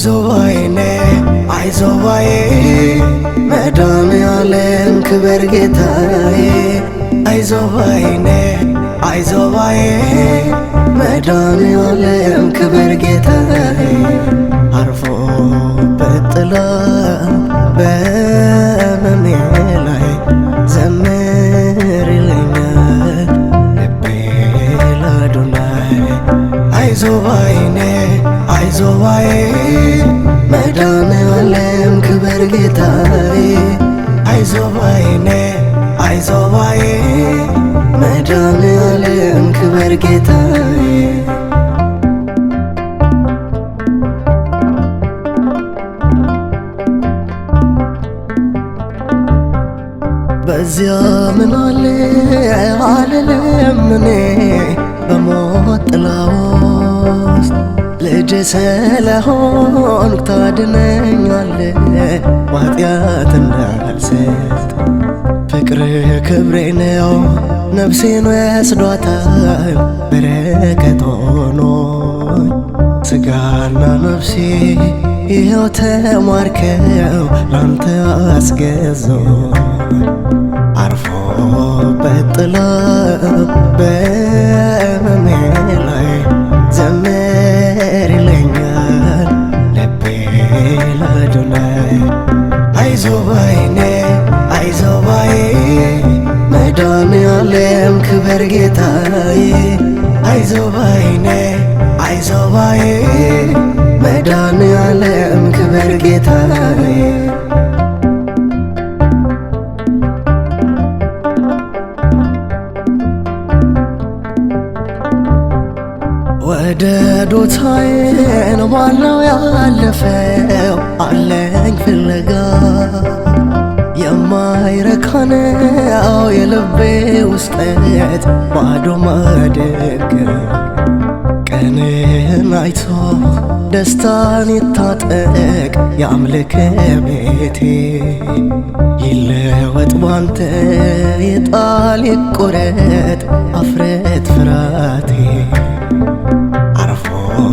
አይዞባይኔ አይዞባዬ መዳን ያለን ክበር ጌታዬ አይዞባይኔ አይዞባዬ መዳን ያለን ክበር ጌታዬ አርፎ በጥላ በመሜ ላይ ዘምርልኛል ልቤ ላዱ ላይ አይዞባይኔ አይዞዋዬ መድኃኔዓለም ክብር ጌታዬ አይዞባዬኔ አይዞባዬ መድኃኔዓለም ክብር ጌታዬ በዚያ ምን አለ አልልም እኔ ስለሆንኩ ታድነኛለ ማጥያት እንዳልሰጥ ፍቅር ክብሬ ነው ነፍሴን ወስዷታል በረከት ሆኖ ስጋና ነፍሴ ይኸው ተማርከው ላንተ አስገዞ አርፎበት ጥላ በመ አይዞ ባይኔ አይዞ ባዬ መዳን ያለም ክብር ጌታዬ አይዞ ባይኔ አይዞ ባዬ መዳን ያለም ክብር ጌታዬ ወደ ዶታዬን ማለው ያለፈው አለኝ ፍለጋ የማይረካነው የልቤ ውስጠት ባዶ ማደግ ቀንን አይቶ ደስታን ይታጠቅ የአምልክ ቤቴ ይለወጥ ባንተ የጣል ይቆረጥ አፍረት ፍራቴ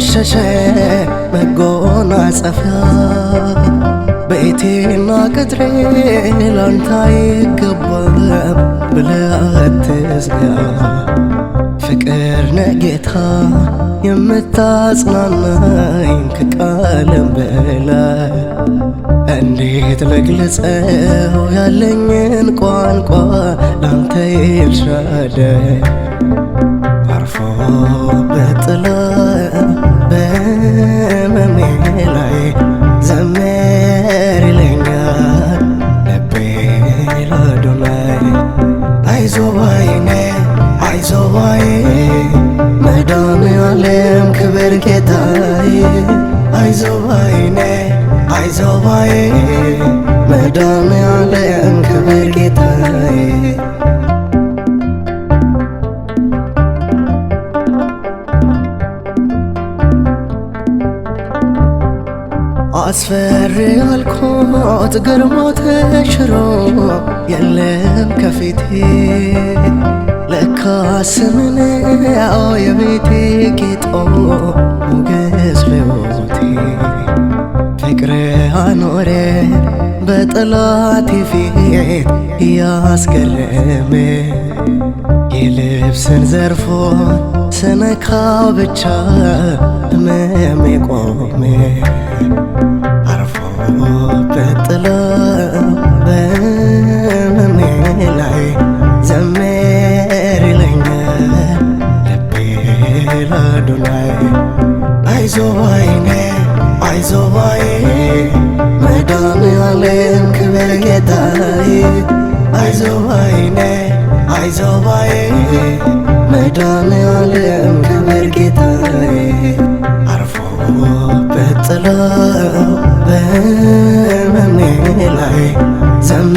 የቆሸሸ መጎናጸፊያ ቤቴና ቅጥሬ ላንታ ይገባል ብለህ አትዝጋ። ፍቅር ነጌታ ጌታ የምታጽናናኝ ከቃልም በላይ እንዴት ለግለጸው ያለኝን ቋንቋ ላንተ ኤልሻዳይ አርፎ በጥላ ছেলের খেতাই আইজো ভাইনে আইজো ভাই ম্যাডাম আলে খবর খেতাই አስፈሪ አልኮት ግርሞ ተሽሮ የለም ከፊቴ ለካ ስምን ያው የቤቴ ጌጦ ሞገስ ለወቴ ፍቅር አኖረ በጠላቴ ፊት እያስገረመ የልብስን ዘርፎ ስነካ ብቻ ህመሜ ቆሜ አይዞባይኔ አይዞባይ መድኃኔዓለም ክብር ጌታዬ አይዞባይኔ አይዞባይ መድኃኔዓለም ክብር ጌታዬ አርፎ በጥላው በመኔ ላይ ዘመ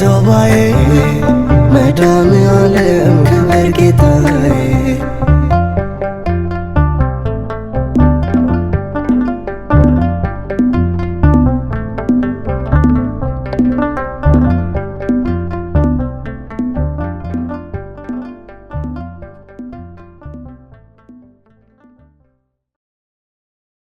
zobae madame ale mergetae